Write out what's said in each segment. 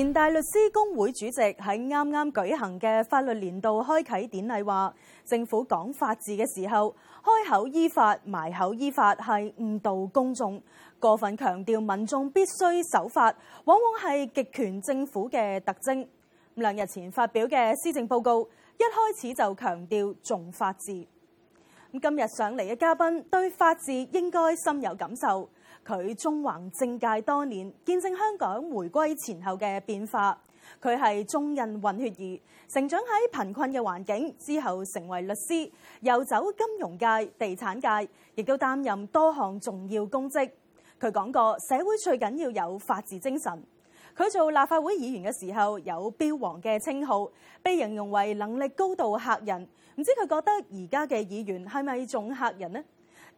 前大律師公會主席喺啱啱舉行嘅法律年度開啟典禮話，政府講法治嘅時候，開口依法埋口依法係誤導公眾，過分強調民眾必須守法，往往係極權政府嘅特徵。咁兩日前發表嘅施政報告一開始就強調重法治。今日上嚟嘅嘉賓對法治應該深有感受。佢縱橫政界多年，見證香港回歸前後嘅變化。佢係中印混血兒，成長喺貧困嘅環境，之後成為律師，游走金融界、地產界，亦都擔任多項重要公職。佢講過社會最緊要有法治精神。佢做立法會議員嘅時候，有 Bill 王嘅稱號，被形容為能力高到嚇人。唔知佢覺得而家嘅議員係咪仲嚇人呢？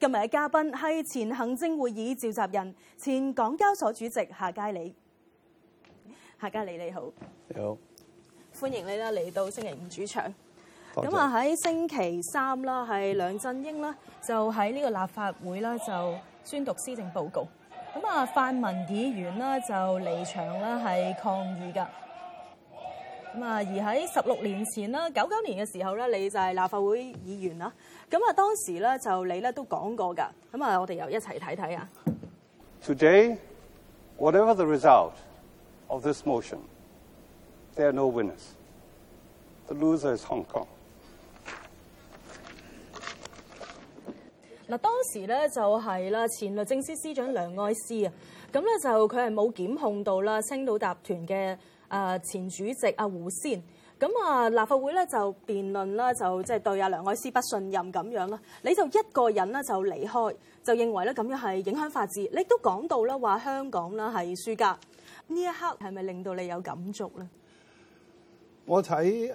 今日嘅嘉賓係前行政會議召集人、前港交所主席夏佳理。夏佳理你好，你好，你好，歡迎你啦，嚟到星期五主場。咁啊喺星期三啦，係梁振英啦，就喺呢個立法會啦就宣讀施政報告。咁啊，泛民議員啦就離場啦，係抗議噶。咁啊，而喺十六年前啦，九九年嘅時候咧，你就係立法會議員啦。咁啊，當時咧就你咧都講過噶。咁啊，我哋又一齊睇睇啊。Today, whatever the result of this motion, there are no winners. The loser is Hong Kong. 嗱，當時咧就係啦，前律政司司長梁愛詩啊，咁咧就佢係冇檢控到啦，星島集團嘅。誒前主席阿胡先，咁啊立法會咧就辯論啦，就即係對阿梁愛詩不信任咁樣啦，你就一個人咧就離開，就認為咧咁樣係影響法治，你都講到咧話香港咧係輸家，呢一刻係咪令到你有感觸咧？我睇誒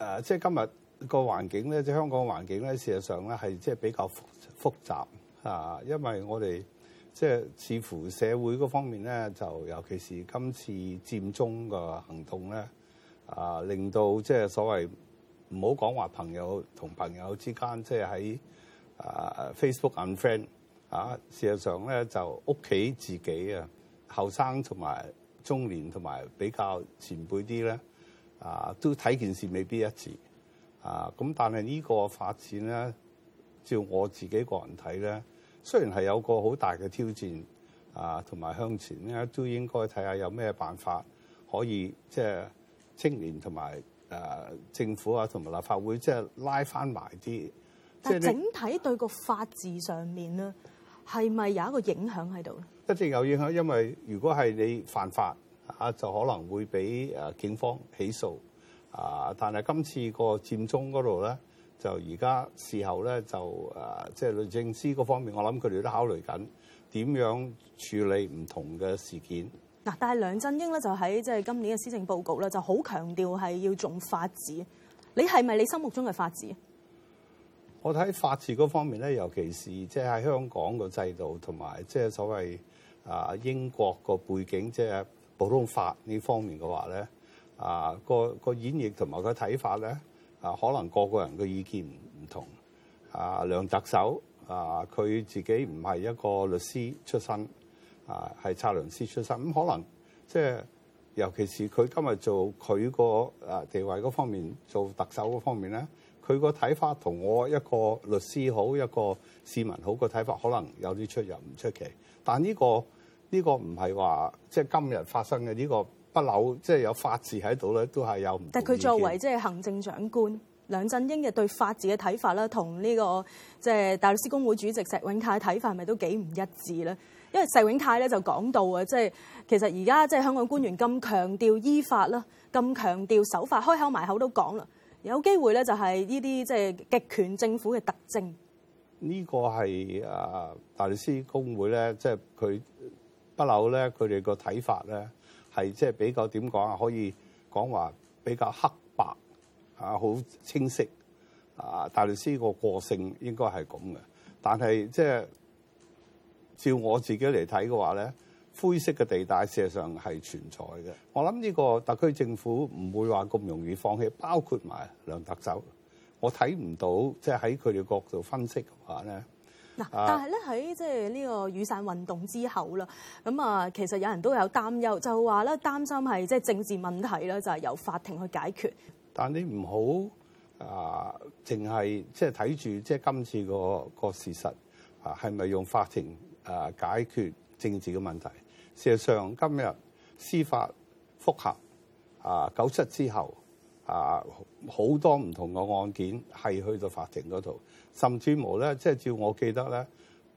誒即係今日個環境咧，即係香港環境咧，事實上咧係即係比較複複雜，啊，因為我哋。即係似乎社會嗰方面咧，就尤其是今次佔中個行動咧，啊令到即係所謂唔好講話朋友同朋友之間，即係喺啊 Facebook unfriend 啊，事實上咧就屋企自己啊，後生同埋中年同埋比較前輩啲咧，啊都睇件事未必一致啊。咁但係呢個發展咧，照我自己個人睇咧。雖然係有個好大嘅挑戰啊，同埋向前咧都應該睇下有咩辦法可以即係、就是、青年同埋誒政府啊，同埋立法會即係、就是、拉翻埋啲。但係整體對個法治上面咧，係咪有一個影響喺度咧？一定有影響，因為如果係你犯法啊，就可能會俾誒警方起訴啊。但係今次個佔中嗰度咧。就而家事後咧，就誒，即係律政司嗰方面，我諗佢哋都考慮緊點樣處理唔同嘅事件。嗱，但係梁振英咧就喺即係今年嘅施政報告咧，就好強調係要重法治。你係咪你心目中嘅法治？我睇法治嗰方面咧，尤其是即係喺香港個制度同埋即係所謂啊英國個背景即係普通法呢方面嘅話咧，啊個演繹同埋個睇法咧。啊，可能個個人嘅意見唔同。啊，梁特首啊，佢自己唔係一個律師出身，啊係測量師出身。咁、嗯、可能即係，尤其是佢今日做佢個啊地位嗰方面，做特首嗰方面咧，佢個睇法同我一個律師好，一個市民好個睇法，可能有啲出入，唔出奇。但呢、呢個呢、呢個唔係話即係今日發生嘅呢、呢個。不朽即係有法治喺度咧，都係有唔同。但係佢作為即係行政長官梁振英嘅對法治嘅睇法咧，同呢個即係大律師公會主席石永泰嘅睇法係咪都幾唔一致咧？因為石永泰咧就講到啊，即係其實而家即係香港官員咁強調依法啦，咁、嗯、強調守法，開口埋口都講啦，有機會咧就係呢啲即係極權政府嘅特徵。呢個係啊大律師公會咧，即係佢不朽咧，佢哋個睇法咧。係即係比較點講啊？可以講話比較黑白啊，好清晰啊！大律師個個性應該係咁嘅，但係即係照我自己嚟睇嘅話咧，灰色嘅地帶事實上係存在嘅。我諗呢個特區政府唔會話咁容易放棄，包括埋梁特首，我睇唔到即係喺佢哋角度分析嘅話咧。嗱，但係咧喺即係呢個雨傘運動之後啦，咁啊，其實有人都有擔憂，就話咧擔心係即係政治問題啦，就係由法庭去解決。但你唔好啊，淨係即係睇住即係今次個個事實啊，係咪用法庭啊解決政治嘅問題？事實上，今日司法覆核啊，九七之後。啊，好多唔同嘅案件係去到法庭嗰度，甚至乎咧，即係照我記得咧，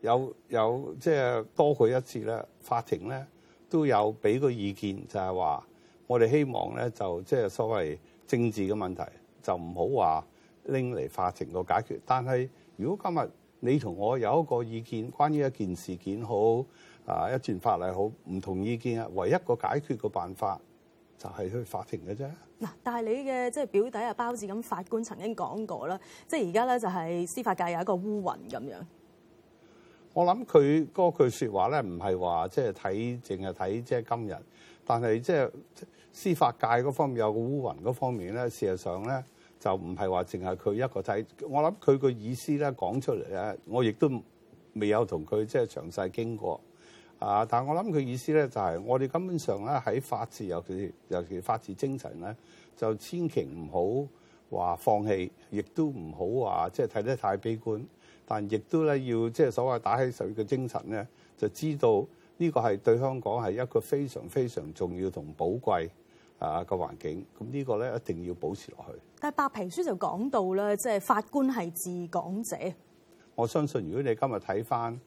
有有即係多過一次咧，法庭咧都有俾個意見，就係話我哋希望咧就即係所謂政治嘅問題就唔好話拎嚟法庭個解決。但係如果今日你同我有一個意見，關於一件事件好啊一段法例好唔同意見啊，唯一個解決嘅辦法。就係去法庭嘅啫。嗱，但係你嘅即係表弟啊、包子咁，法官曾經講過啦，即係而家咧就係司法界有一個烏雲咁樣。我諗佢嗰句説話咧，唔係話即係睇淨係睇即係今日，但係即係司法界嗰方面有個烏雲嗰方面咧，事實上咧就唔係話淨係佢一個仔。我諗佢個意思咧講出嚟咧，我亦都未有同佢即係詳細經過。啊！但係我諗佢意思咧，就係我哋根本上咧喺法治，尤其尤其法治精神咧，就千祈唔好話放棄，亦都唔好話即係睇得太悲觀。但亦都咧要即係所謂打起十二個精神咧，就知道呢個係對香港係一個非常非常重要同寶貴啊嘅環境。咁呢個咧一定要保持落去。但白皮書就講到咧，即係法官係治港者。我相信如果你今日睇翻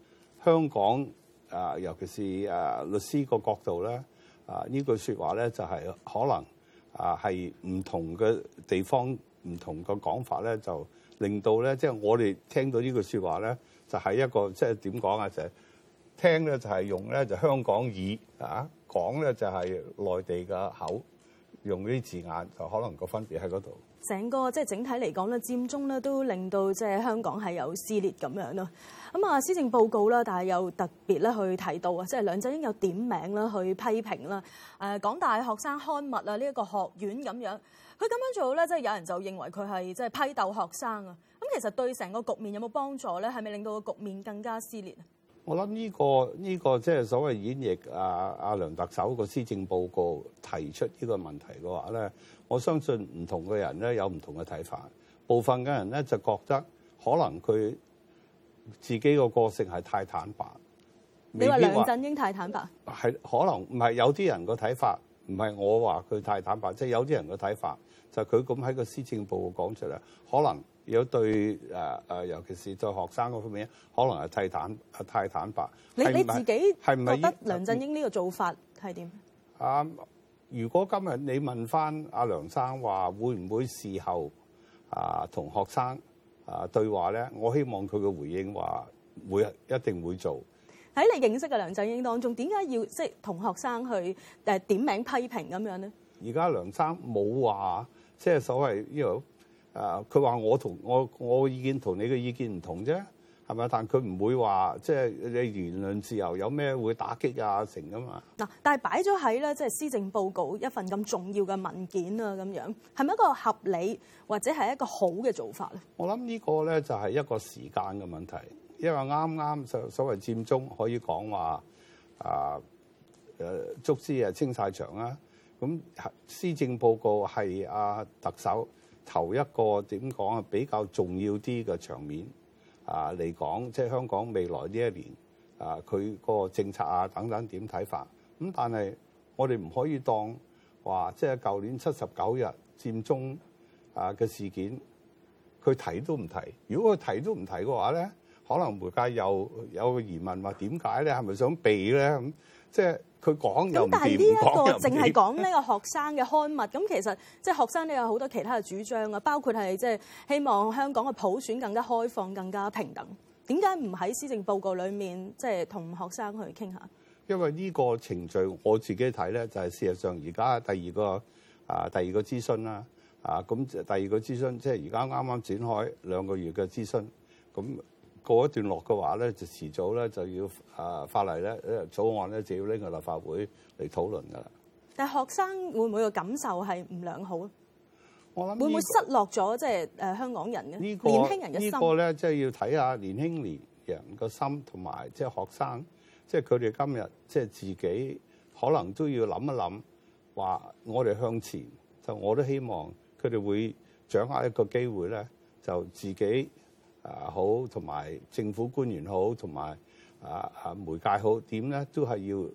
香港。啊，尤其是啊，律師個角度咧，啊這句呢句說話咧就係、是、可能啊，係唔同嘅地方，唔同嘅講法咧，就令到咧，即係我哋聽到這句呢句說話咧，就係、是、一個即係點講啊，就係、是、聽咧就係、是、用咧就是、香港耳啊，講咧就係、是、內地嘅口用呢啲字眼，就可能個分別喺嗰度。整個即係整體嚟講咧，佔中咧都令到即係香港係有撕裂咁樣咯。咁啊，施政報告啦，但係又特別咧去提到啊，即係梁振英有點名啦去批評啦。誒、呃，港大學生刊物啊，呢、這、一個學院咁樣，佢咁樣做咧，即係有人就認為佢係即係批鬥學生啊。咁其實對成個局面有冇幫助咧？係咪令到個局面更加撕裂？我諗呢個呢個即係所謂演繹阿阿梁特首個施政報告提出呢個問題嘅話咧，我相信唔同嘅人咧有唔同嘅睇法。部分嘅人咧就覺得可能佢自己個個性係太坦白。說你話梁振英太坦白係可能唔係有啲人個睇法，唔係我話佢太坦白，即係有啲人個睇法就佢咁喺個施政報告講出嚟，可能。有對誒誒，尤其是對學生嗰方面，可能係太坦、太坦白。你係唔係你自己係唔係覺得梁振英呢個做法係點？啊！如果今日你問翻阿梁生話會唔會事後啊同學生啊對話咧，我希望佢嘅回應話會一定會做。喺你認識嘅梁振英當中，點解要即係同學生去誒點名批評咁樣咧？而家梁生冇話即係所謂呢個。誒，佢話、啊、我同我我嘅意見同你嘅意見唔同啫，係咪？但佢唔會話即係你言論自由有咩會打擊啊？成噶嘛嗱，但係擺咗喺咧，即係施政報告一份咁重要嘅文件啊，咁樣係咪一個合理或者係一個好嘅做法咧？我諗呢個咧就係一個時間嘅問題，因為啱啱所所謂佔中可以講話啊誒，逐支啊，啊清晒場啊，咁施政報告係阿、啊、特首。頭一個點講啊，比較重要啲嘅場面啊嚟講，即係香港未來呢一年啊，佢個政策啊等等點睇法咁，但係我哋唔可以當話即係舊年七十九日佔中啊嘅事件，佢提都唔提。如果佢提都唔提嘅話咧，可能媒介又有個疑問話點解咧？係咪想避咧？咁即係。佢講又唔掂，講又唔掂。咁但係呢一個淨係講呢個學生嘅刊物，咁 其實即係、就是、學生都有好多其他嘅主張啊，包括係即係希望香港嘅普選更加開放、更加平等。點解唔喺施政報告裡面即係同學生去傾下？因為呢個程序我自己睇咧，就係、是、事實上而家第二個啊第二個諮詢啦啊，咁第二個諮詢即係而家啱啱展開兩個月嘅諮詢咁。過一段落嘅話咧，就遲早咧就要啊法例咧，草案咧就要拎去立法會嚟討論噶啦。但係學生會唔會個感受係唔良好咧？我諗、這個，會唔會失落咗？即係誒，香港人嘅、這個，年輕人嘅心咧，即係、就是，要睇下年輕年人嘅心，同埋即係學生，即係佢哋今日即係自己可能都要諗一諗，話我哋向前，就我都希望佢哋會掌握一個機會咧，就自己。啊好，同埋政府官員好，同埋啊啊媒介好，點咧都係要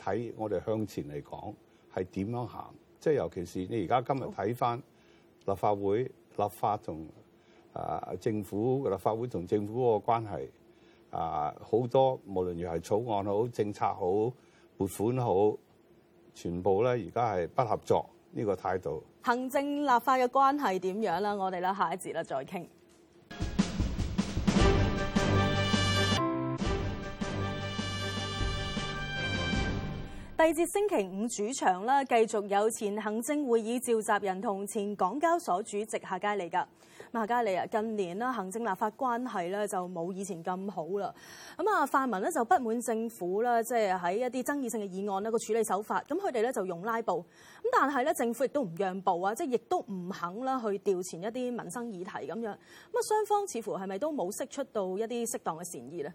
睇我哋向前嚟講，係點樣行，即係尤其是你而家今日睇翻立法會好立法同啊政府立法會同政府嗰個關係啊好多，無論如係草案好政策好、撥款好，全部咧而家係不合作呢個態度。行政立法嘅關係點樣咧？我哋咧下一節啦，再傾。第二節星期五主場啦，繼續有前行政會議召集人同前港交所主席夏佳理噶。夏佳理啊，近年啦，行政立法關係咧就冇以前咁好啦。咁啊，泛民咧就不滿政府啦，即係喺一啲爭議性嘅議案咧個處理手法。咁佢哋咧就用拉布咁，但係咧政府亦都唔讓步啊，即係亦都唔肯啦去調前一啲民生議題咁樣。咁啊，雙方似乎係咪都冇釋出到一啲適當嘅善意咧？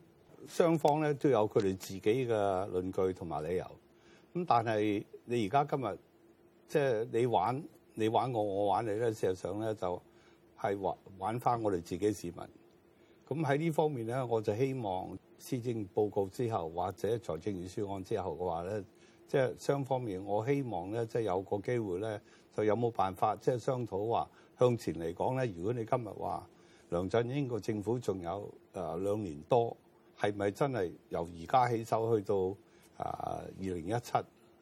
雙方咧都有佢哋自己嘅論據同埋理由。咁但係你而家今日即係你玩，你玩我，我玩你咧，事實上咧就係玩玩翻我哋自己市民。咁喺呢方面咧，我就希望施政報告之後或者財政預算案之後嘅話咧，即係雙方面，我希望咧即係有個機會咧，就有冇辦法即係商討話向前嚟講咧，如果你今日話梁振英個政府仲有誒兩年多，係咪真係由而家起手去到？啊！二零一七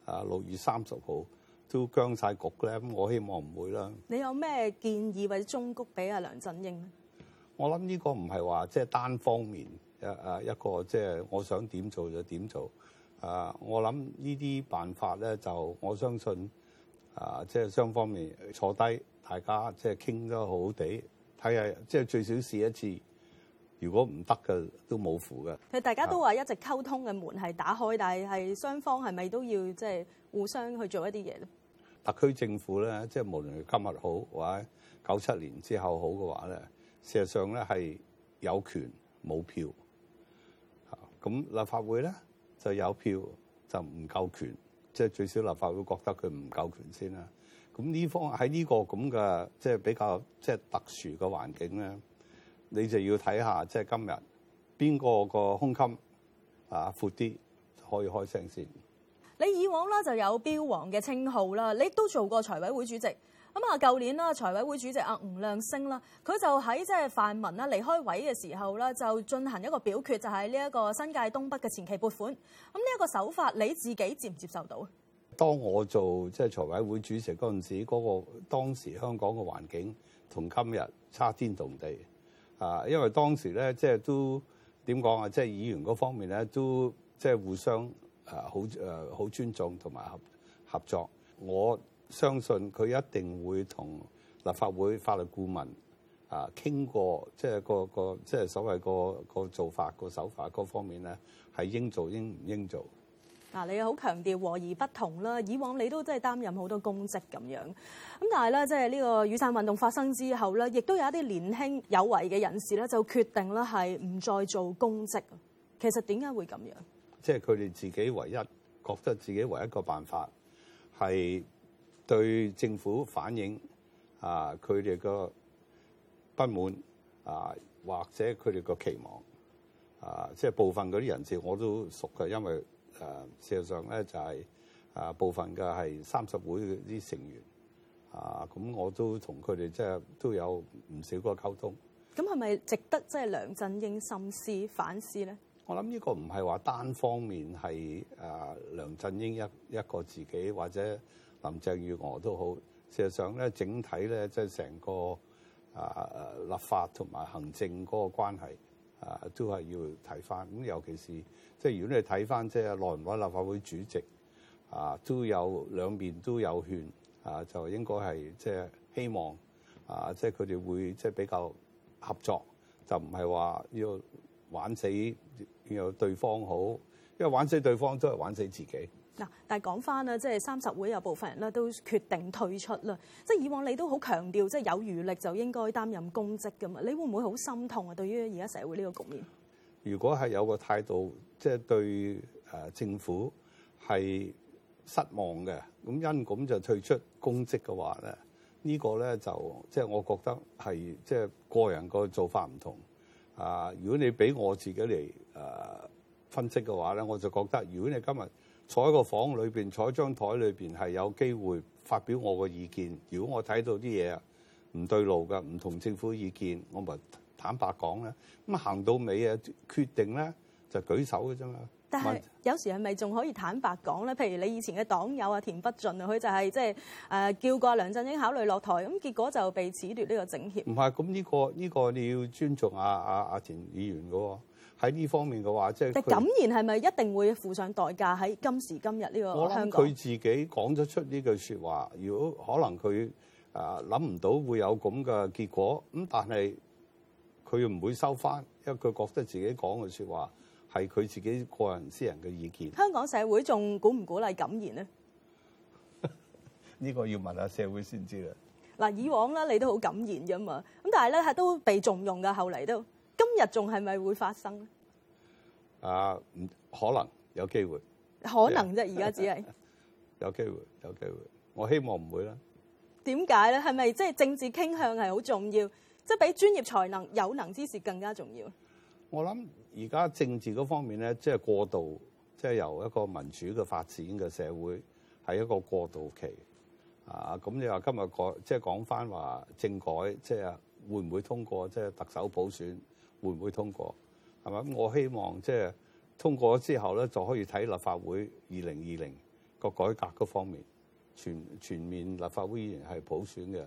啊，六月三十號都僵晒局咧，咁我希望唔會啦。你有咩建議或者忠告俾阿梁振英咧？我諗呢個唔係話即係單方面一一個即係、就是、我想點做就點做。啊、uh，我諗呢啲辦法咧就我相信啊，即、uh, 係雙方面坐低，大家即係傾得好好地，睇下即係最少試一次。如果唔得嘅都冇符嘅。佢大家都話一直溝通嘅門係打開，是的但係係雙方係咪都要即係、就是、互相去做一啲嘢咧？特區政府咧，即係無論今日好或者九七年之後好嘅話咧，事實上咧係有權冇票嚇。咁立法會咧就有票就唔夠權，即係最少立法會覺得佢唔夠權先啦。咁呢方喺呢個咁嘅即係比較即係特殊嘅環境咧。你就要睇下，即係今日邊個個胸襟啊闊啲，可以開聲先。你以往咧就有 Bill 王嘅稱號啦，你都做過財委會主席咁啊。舊年啦，財委會主席阿吳亮星啦，佢就喺即係泛民啦離開位嘅時候啦，就進行一個表決，就喺呢一個新界東北嘅前期撥款。咁呢一個手法，你自己接唔接受到？當我做即係財委會主席嗰陣時，嗰個當時香港嘅環境同今日差天同地。啊，因為當時咧，即係都點講啊，即係議員嗰方面咧，都即係互相啊好、誒好尊重同埋合合作。我相信佢一定會同立法會法律顧問啊傾過，即係個個即係所謂個個做法個手法嗰方面咧，係應做應唔應做。嗱，你又好強調和而不同啦。以往你都真係擔任好多公職咁樣咁，但係咧即係呢個雨傘運動發生之後咧，亦都有一啲年輕有為嘅人士咧，就決定咧係唔再做公職。其實點解會咁樣？即係佢哋自己唯一覺得自己唯一一個辦法係對政府反映啊，佢哋個不滿啊，或者佢哋個期望啊，即係部分嗰啲人士我都熟嘅，因為。誒，事實上咧就係誒部分嘅係三十會啲成員，啊，咁我都同佢哋即係都有唔少個溝通。咁係咪值得即係梁振英深思反思咧？我諗呢個唔係話單方面係誒梁振英一一個自己或者林鄭月娥都好。事實上咧，整體咧即係成個誒立法同埋行政嗰個關係。啊，都係要睇翻咁，尤其是即係如果你睇翻即係內環立法會主席啊，都有兩邊都有勸啊，就應該係即係希望啊，即係佢哋會即係比較合作，就唔係話要玩死要對方好，因為玩死對方都係玩死自己。嗱，但係講翻啦，即係三十會有部分人咧都決定退出啦。即係以往你都好強調，即係有餘力就應該擔任公職噶嘛。你會唔會好心痛啊？對於而家社會呢個局面，如果係有個態度，即係對誒政府係失望嘅，咁因咁就退出公職嘅話咧，呢個咧就即係我覺得係即係個人個做法唔同啊。如果你俾我自己嚟誒分析嘅話咧，我就覺得如果你今日，坐喺個房裏面，坐喺張台裏面，係有機會發表我嘅意見。如果我睇到啲嘢啊唔對路㗎，唔同政府意見，我咪坦白講呢。咁行到尾啊，決定咧就舉手嘅啫嘛。但係是問有時係咪仲可以坦白講咧？譬如你以前嘅黨友啊，田北俊啊，佢就係即係誒叫過梁振英考慮落台，咁結果就被褫奪呢個政協。唔係，咁呢、呢個呢、呢個你要尊重阿阿阿田議員嘅喎、哦。喺呢方面嘅話，即係敢言係咪一定會付上代價？喺今時今日呢個香港，佢自己講咗出呢句説話，如果可能佢啊諗唔到會有咁嘅結果，咁但係佢又唔會收翻，因為佢覺得自己講嘅説話係佢自己個人私人嘅意見。香港社會仲鼓唔鼓勵敢言呢？呢 個要問下社會先知啦。嗱，以往啦，你都好敢言嘅嘛，咁但係咧都被重用噶，後嚟都。今日仲係咪會發生咧？啊，唔可能有機會，可能啫，而家只係，有機會，有機會。我希望唔會啦。點解咧？係咪即係政治傾向係好重要？即係比專業才能有能之士更加重要？我諗而家政治嗰方面咧，即係過渡，即係由一個民主嘅發展嘅社會係一個過渡期。啊，咁你話今日改，即係講翻話政改，即係會唔會通過？即係特首普選？會唔會通過？係嘛？我希望即係、就是、通過之後咧，就可以睇立法會二零二零個改革嗰方面，全全面立法會議員係普選嘅。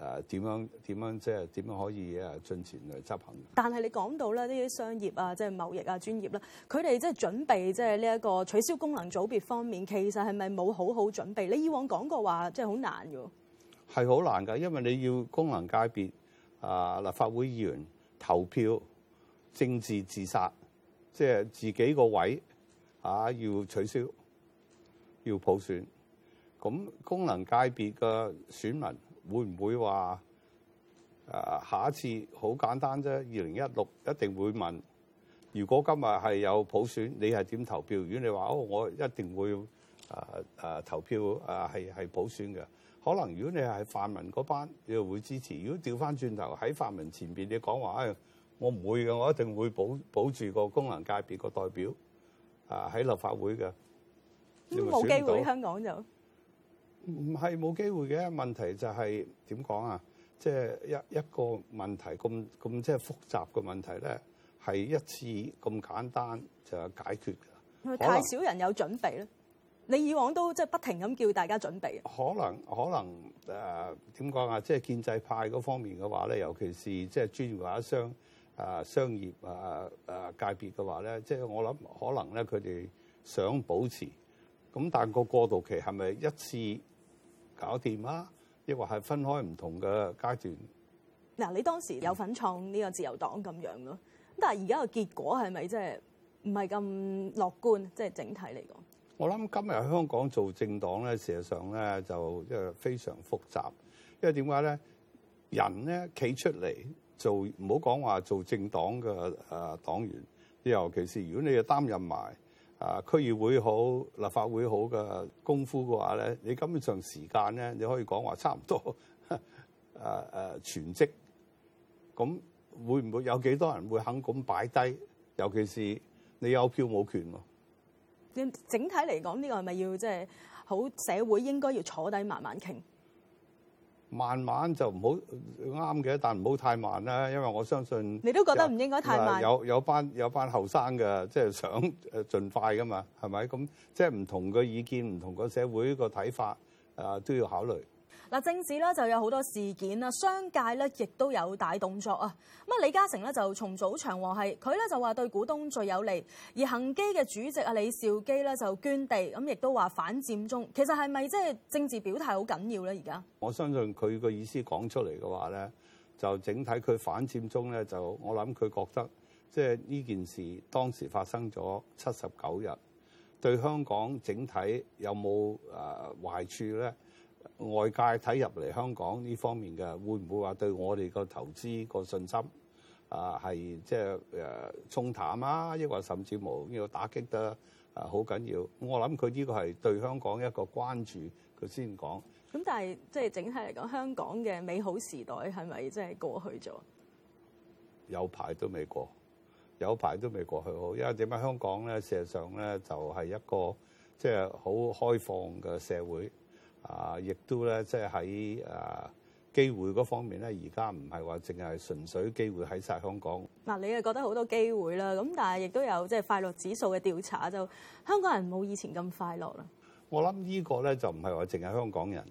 誒、啊、點樣點樣即係點樣可以啊進前嚟執行的？但係你講到咧，呢啲商業啊，即、就、係、是、貿易啊，專業啦，佢哋即係準備即係呢一個取消功能組別方面，其實係咪冇好好準備？你以往講過話，即係好難嘅喎。係好難㗎，因為你要功能界別啊，立法會議員投票。政治自殺，即係自己個位嚇、啊、要取消，要普選。咁功能界別嘅選民會唔會話？誒、啊、下一次好簡單啫，二零一六一定會問。如果今日係有普選，你係點投票？如果你話哦，我一定會誒誒、啊啊、投票誒係係普選嘅。可能如果你係泛民嗰班，你會支持。如果調翻轉頭喺泛民前邊，你講話誒。我唔會嘅，我一定會保保住個功能界別個代表，啊喺立法會嘅。冇機會，是不是香港就唔係冇機會嘅問題，就係點講啊？即係一一個問題咁咁即係複雜嘅問題咧，係一次咁簡單就解決的。太少人有準備啦！能你以往都即係不停咁叫大家準備可。可能可能誒點講啊？即係建制派嗰方面嘅話咧，尤其是即係專業工商。啊，商業啊啊界別嘅話咧，即係我諗可能咧，佢哋想保持，咁但係個過渡期係咪一次搞掂啦？亦或係分開唔同嘅階段？嗱，你當時有份創呢個自由黨咁樣咯，咁、嗯、但係而家個結果係咪即係唔係咁樂觀？即係整體嚟講，我諗今日香港做政黨咧，事實上咧就即係非常複雜，因為點解咧？人咧企出嚟。做唔好講話做政黨嘅誒、啊、黨員，尤其是如果你又擔任埋啊區議會好、立法會好嘅功夫嘅話咧，你根本上時間咧，你可以講話差唔多誒誒、啊啊、全職。咁會唔會有幾多人會肯咁擺低？尤其是你有票冇權喎、啊。你整體嚟講，呢、這個係咪要即係、就是、好社會應該要坐低慢慢傾？慢慢就唔好啱嘅，但唔好太慢啦，因為我相信你都覺得唔應該太慢。有有班有班後生嘅，即係想誒盡快噶嘛，係咪咁？即係唔同嘅意見，唔同嘅社會個睇法啊、呃，都要考慮。嗱，政治咧就有好多事件啦，商界咧亦都有大動作啊！咁啊，李嘉誠咧就從早長和，係佢咧就話對股東最有利，而恒基嘅主席啊李兆基咧就捐地，咁亦都話反佔中。其實係咪即係政治表態好緊要咧？而家我相信佢個意思講出嚟嘅話咧，就整體佢反佔中咧就我諗佢覺得即係呢件事當時發生咗七十九日，對香港整體有冇誒壞處咧？外界睇入嚟香港呢方面嘅，會唔會話對我哋個投資個信心啊，係即係誒沖淡啊？抑或甚至冇呢個打擊得啊，好緊要。我諗佢呢個係對香港一個關注，佢先講。咁但係即係整體嚟講，香港嘅美好時代係咪即係過去咗？有排都未過，有排都未過去好，因為點解香港咧？事實上咧，就係一個即係好開放嘅社會。啊！亦都咧，即係喺誒機會嗰方面咧，而家唔係話淨係純粹機會喺晒香港嗱。你係覺得好多機會啦，咁但係亦都有即係快樂指數嘅調查，就香港人冇以前咁快樂啦。我諗呢個咧就唔係話淨係香港人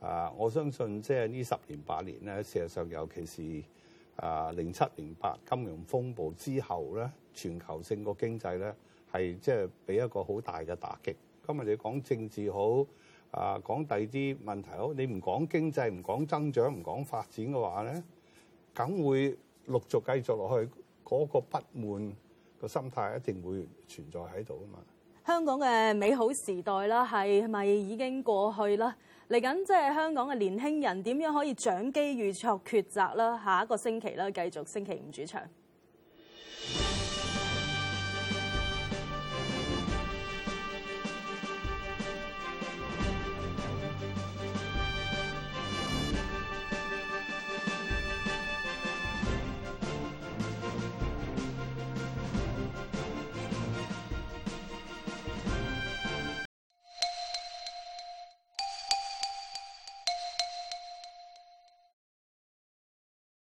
啊！我相信即係呢十年八年咧，事實上尤其是啊零七零八金融風暴之後咧，全球性個經濟咧係即係俾一個好大嘅打擊。今日你講政治好。啊，講第二啲問題好，你唔講經濟，唔講增長，唔講發展嘅話咧，梗會陸續繼續落去嗰、那個不滿個心態，一定會存在喺度啊嘛。香港嘅美好時代啦，係咪已經過去啦？嚟緊即係香港嘅年輕人點樣可以掌機預錯抉擇啦？下一個星期啦，繼續星期五主場。